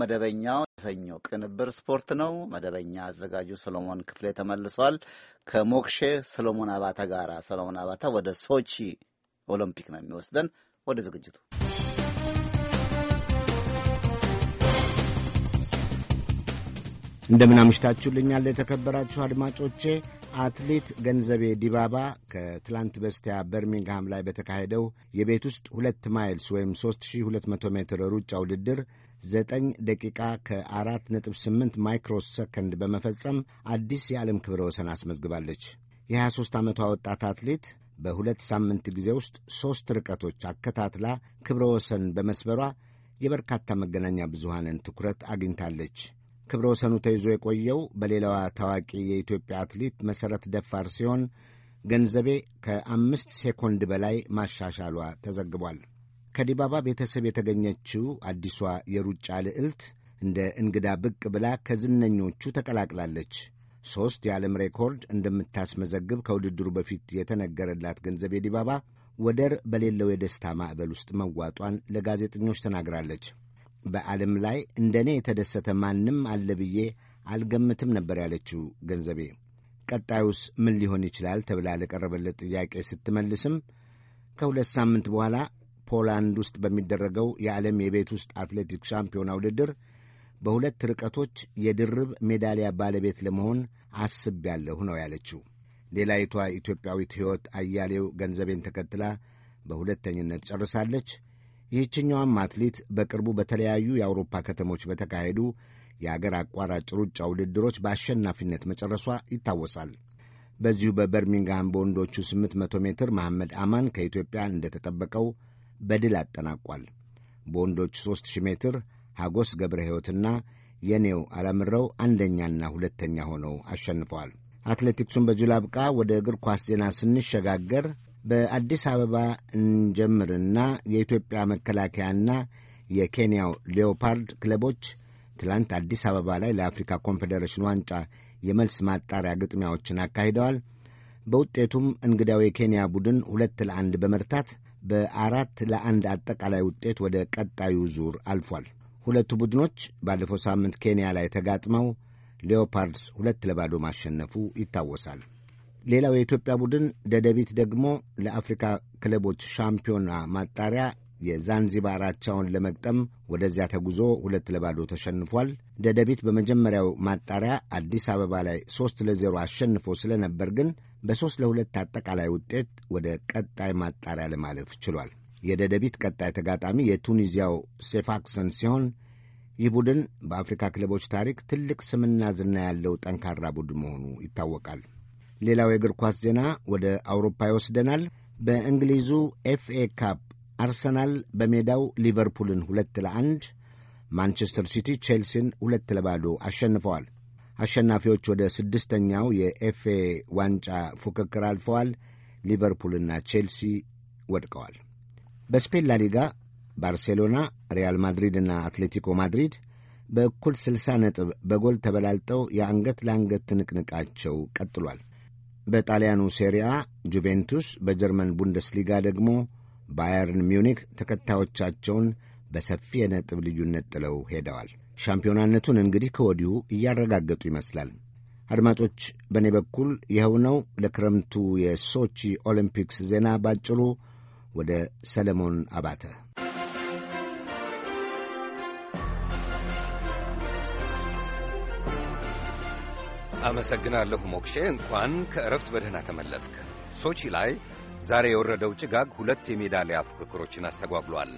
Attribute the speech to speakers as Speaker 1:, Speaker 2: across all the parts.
Speaker 1: መደበኛው የሰኞ ቅንብር ስፖርት ነው። መደበኛ አዘጋጁ ሰሎሞን ክፍሌ ተመልሷል ከሞክሼ ሰሎሞን አባተ ጋር። ሰሎሞን አባተ ወደ ሶቺ ኦሎምፒክ ነው የሚወስደን። ወደ ዝግጅቱ እንደምን አምሽታችሁልኛል የተከበራችሁ አድማጮቼ። አትሌት ገንዘቤ ዲባባ ከትላንት በስቲያ በርሚንግሃም ላይ በተካሄደው የቤት ውስጥ ሁለት ማይልስ ወይም 3200 ሜትር ሩጫ ውድድር 9 ደቂቃ ከ4.8 ማይክሮ ሰከንድ በመፈጸም አዲስ የዓለም ክብረ ወሰን አስመዝግባለች። የ23 ዓመቷ ወጣት አትሌት በሁለት ሳምንት ጊዜ ውስጥ ሦስት ርቀቶች አከታትላ ክብረ ወሰን በመስበሯ የበርካታ መገናኛ ብዙሃንን ትኩረት አግኝታለች። ክብረ ወሰኑ ተይዞ የቆየው በሌላዋ ታዋቂ የኢትዮጵያ አትሌት መሠረት ደፋር ሲሆን ገንዘቤ ከአምስት ሴኮንድ በላይ ማሻሻሏ ተዘግቧል። ከዲባባ ቤተሰብ የተገኘችው አዲሷ የሩጫ ልዕልት እንደ እንግዳ ብቅ ብላ ከዝነኞቹ ተቀላቅላለች። ሦስት የዓለም ሬኮርድ እንደምታስመዘግብ ከውድድሩ በፊት የተነገረላት ገንዘቤ ዲባባ ወደር በሌለው የደስታ ማዕበል ውስጥ መዋጧን ለጋዜጠኞች ተናግራለች። በዓለም ላይ እንደ እኔ የተደሰተ ማንም አለ ብዬ አልገምትም ነበር ያለችው ገንዘቤ። ቀጣዩስ ምን ሊሆን ይችላል ተብላ ለቀረበለት ጥያቄ ስትመልስም ከሁለት ሳምንት በኋላ ፖላንድ ውስጥ በሚደረገው የዓለም የቤት ውስጥ አትሌቲክስ ሻምፒዮና ውድድር በሁለት ርቀቶች የድርብ ሜዳሊያ ባለቤት ለመሆን አስቤያለሁ ነው ያለችው። ሌላይቷ ኢትዮጵያዊት ሕይወት አያሌው ገንዘቤን ተከትላ በሁለተኝነት ጨርሳለች። ይህችኛዋም አትሌት በቅርቡ በተለያዩ የአውሮፓ ከተሞች በተካሄዱ የአገር አቋራጭ ሩጫ ውድድሮች በአሸናፊነት መጨረሷ ይታወሳል። በዚሁ በበርሚንግሃም በወንዶቹ 800 ሜትር መሐመድ አማን ከኢትዮጵያ እንደተጠበቀው በድል አጠናቋል። በወንዶቹ 3000 ሜትር ሐጎስ ገብረ ሕይወትና የኔው አላምረው አንደኛና ሁለተኛ ሆነው አሸንፈዋል። አትሌቲክሱን በዚሁ ላብቃ። ወደ እግር ኳስ ዜና ስንሸጋገር በአዲስ አበባ እንጀምርና የኢትዮጵያ መከላከያና የኬንያው ሌዮፓርድ ክለቦች ትላንት አዲስ አበባ ላይ ለአፍሪካ ኮንፌዴሬሽን ዋንጫ የመልስ ማጣሪያ ግጥሚያዎችን አካሂደዋል። በውጤቱም እንግዳው የኬንያ ቡድን ሁለት ለአንድ በመርታት በአራት ለአንድ አጠቃላይ ውጤት ወደ ቀጣዩ ዙር አልፏል። ሁለቱ ቡድኖች ባለፈው ሳምንት ኬንያ ላይ ተጋጥመው ሌዮፓርድስ ሁለት ለባዶ ማሸነፉ ይታወሳል። ሌላው የኢትዮጵያ ቡድን ደደቢት ደግሞ ለአፍሪካ ክለቦች ሻምፒዮና ማጣሪያ የዛንዚባራቻውን ለመግጠም ወደዚያ ተጉዞ ሁለት ለባዶ ተሸንፏል። ደደቢት በመጀመሪያው ማጣሪያ አዲስ አበባ ላይ ሦስት ለዜሮ አሸንፎ ስለነበር ግን በሦስት ለሁለት አጠቃላይ ውጤት ወደ ቀጣይ ማጣሪያ ለማለፍ ችሏል። የደደቢት ቀጣይ ተጋጣሚ የቱኒዚያው ሴፋክሰን ሲሆን ይህ ቡድን በአፍሪካ ክለቦች ታሪክ ትልቅ ስምና ዝና ያለው ጠንካራ ቡድን መሆኑ ይታወቃል። ሌላው የእግር ኳስ ዜና ወደ አውሮፓ ይወስደናል። በእንግሊዙ ኤፍኤ ካፕ አርሰናል በሜዳው ሊቨርፑልን ሁለት ለአንድ፣ ማንቸስተር ሲቲ ቼልሲን ሁለት ለባዶ አሸንፈዋል። አሸናፊዎች ወደ ስድስተኛው የኤፍኤ ዋንጫ ፉክክር አልፈዋል። ሊቨርፑልና ቼልሲ ወድቀዋል። በስፔን ላሊጋ ባርሴሎና፣ ሪያል ማድሪድና አትሌቲኮ ማድሪድ በእኩል 60 ነጥብ በጎል ተበላልጠው የአንገት ለአንገት ትንቅንቃቸው ቀጥሏል። በጣሊያኑ ሴሪያ ጁቬንቱስ፣ በጀርመን ቡንደስሊጋ ደግሞ ባየርን ሚዩኒክ ተከታዮቻቸውን በሰፊ የነጥብ ልዩነት ጥለው ሄደዋል። ሻምፒዮናነቱን እንግዲህ ከወዲሁ እያረጋገጡ ይመስላል። አድማጮች፣ በእኔ በኩል ይኸው ነው። ለክረምቱ የሶቺ ኦሊምፒክስ ዜና ባጭሩ ወደ ሰለሞን አባተ
Speaker 2: አመሰግናለሁ ሞክሼ። እንኳን ከእረፍት በደህና ተመለስክ። ሶቺ ላይ ዛሬ የወረደው ጭጋግ ሁለት የሜዳሊያ ፉክክሮችን አስተጓጉሏል።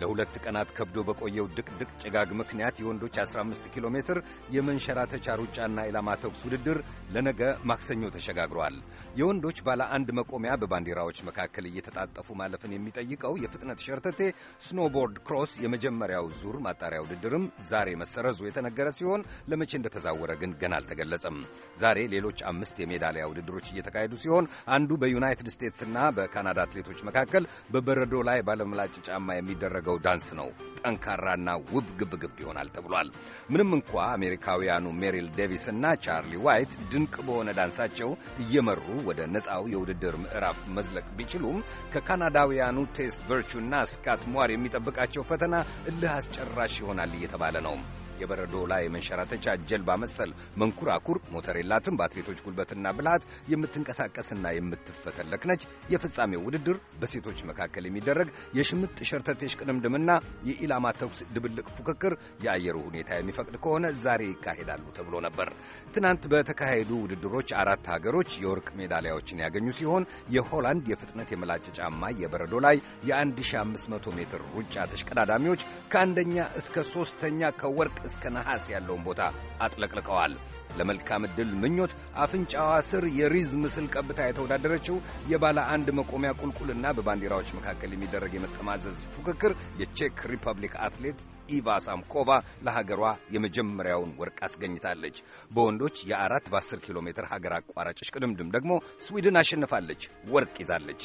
Speaker 2: ለሁለት ቀናት ከብዶ በቆየው ድቅድቅ ጭጋግ ምክንያት የወንዶች 15 ኪሎ ሜትር የመንሸራተቻ ሩጫና ኢላማ ተኩስ ውድድር ለነገ ማክሰኞ ተሸጋግሯል። የወንዶች ባለ አንድ መቆሚያ በባንዲራዎች መካከል እየተጣጠፉ ማለፍን የሚጠይቀው የፍጥነት ሸርተቴ ስኖቦርድ ክሮስ የመጀመሪያው ዙር ማጣሪያ ውድድርም ዛሬ መሰረዙ የተነገረ ሲሆን ለመቼ እንደተዛወረ ግን ገና አልተገለጸም። ዛሬ ሌሎች አምስት የሜዳሊያ ውድድሮች እየተካሄዱ ሲሆን አንዱ በዩናይትድ ስቴትስና በካናዳ አትሌቶች መካከል በበረዶ ላይ ባለምላጭ ጫማ የሚደረገ የሚያደርገው ዳንስ ነው። ጠንካራና ውብ ግብግብ ይሆናል ተብሏል። ምንም እንኳ አሜሪካውያኑ ሜሪል ዴቪስ እና ቻርሊ ዋይት ድንቅ በሆነ ዳንሳቸው እየመሩ ወደ ነፃው የውድድር ምዕራፍ መዝለቅ ቢችሉም ከካናዳውያኑ ቴስ ቨርቹ እና ስካት ሟር የሚጠብቃቸው ፈተና እልህ አስጨራሽ ይሆናል እየተባለ ነው። የበረዶ ላይ መንሸራተቻ ጀልባ መሰል መንኩራኩር ሞተር የላትም። በአትሌቶች ጉልበትና ብልሃት የምትንቀሳቀስና የምትፈተለክ ነች። የፍጻሜው ውድድር በሴቶች መካከል የሚደረግ የሽምጥ ሸርተቴሽ ቅድምድምና የኢላማ ተኩስ ድብልቅ ፉክክር የአየሩ ሁኔታ የሚፈቅድ ከሆነ ዛሬ ይካሄዳሉ ተብሎ ነበር። ትናንት በተካሄዱ ውድድሮች አራት ሀገሮች የወርቅ ሜዳሊያዎችን ያገኙ ሲሆን የሆላንድ የፍጥነት የመላጭ ጫማ የበረዶ ላይ የ1500 ሜትር ሩጫ ተሽቀዳዳሚዎች ከአንደኛ እስከ ሦስተኛ ከወርቅ እስከ ነሐስ ያለውን ቦታ አጥለቅልቀዋል። ለመልካም ዕድል ምኞት አፍንጫዋ ስር የሪዝ ምስል ቀብታ የተወዳደረችው የባለ አንድ መቆሚያ ቁልቁልና በባንዲራዎች መካከል የሚደረግ የመጠማዘዝ ፉክክር የቼክ ሪፐብሊክ አትሌት ኢቫ ሳምኮቫ ለሀገሯ የመጀመሪያውን ወርቅ አስገኝታለች። በወንዶች የአራት በ10 ኪሎ ሜትር ሀገር አቋራጭ እሽቅድምድም ደግሞ ስዊድን አሸንፋለች፣ ወርቅ ይዛለች።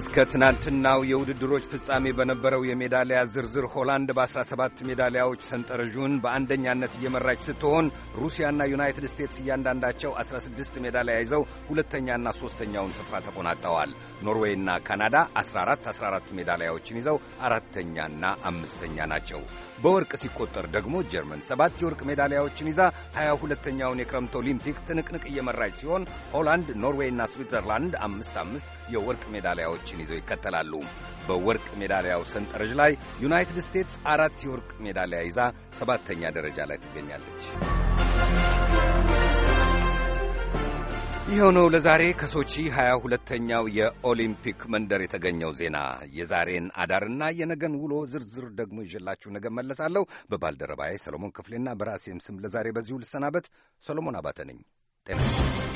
Speaker 2: እስከ ትናንትናው የውድድሮች ፍጻሜ በነበረው የሜዳሊያ ዝርዝር ሆላንድ በ17 ሜዳሊያዎች ሰንጠረዡን በአንደኛነት እየመራች ስትሆን ሩሲያና ዩናይትድ ስቴትስ እያንዳንዳቸው 16 ሜዳሊያ ይዘው ሁለተኛና ሦስተኛውን ስፍራ ተቆናጠዋል። ኖርዌይና ካናዳ 14 14 ሜዳሊያዎችን ይዘው አራተኛና አምስተኛ ናቸው። በወርቅ ሲቆጠር ደግሞ ጀርመን ሰባት የወርቅ ሜዳሊያዎችን ይዛ 22ኛውን የክረምት ኦሊምፒክ ትንቅንቅ እየመራች ሲሆን ሆላንድ፣ ኖርዌይና ስዊትዘርላንድ አምስት አምስት የወርቅ ሜዳሊያዎች ሜዳሊያዎችን ይዘው ይከተላሉ። በወርቅ ሜዳሊያው ሰንጠረዥ ላይ ዩናይትድ ስቴትስ አራት የወርቅ ሜዳሊያ ይዛ ሰባተኛ ደረጃ ላይ ትገኛለች። ይኸው ነው ለዛሬ ከሶቺ 22ተኛው የኦሊምፒክ መንደር የተገኘው ዜና። የዛሬን አዳርና የነገን ውሎ ዝርዝር ደግሞ ይዤላችሁ ነገ መለሳለሁ። በባልደረባዬ ሰሎሞን ክፍሌና በራሴም ስም ለዛሬ በዚሁ ልሰናበት። ሰሎሞን አባተ ነኝ። ጤና